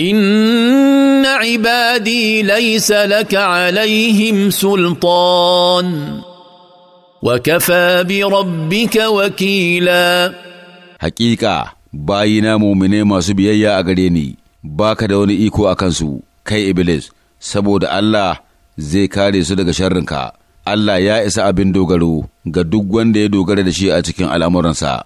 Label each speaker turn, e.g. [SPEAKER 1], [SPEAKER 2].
[SPEAKER 1] ان عبادي ليس لك عليهم
[SPEAKER 2] سلطان وكفى بربك وكيلا حقيقه bayina mumine masu biyayya a gare ni baka da wani iko a kansu kai iblis saboda Allah zai kare su daga sharrinka Allah ya isa abin dogaro ga duk wanda ya dogara da shi a cikin al'amuransa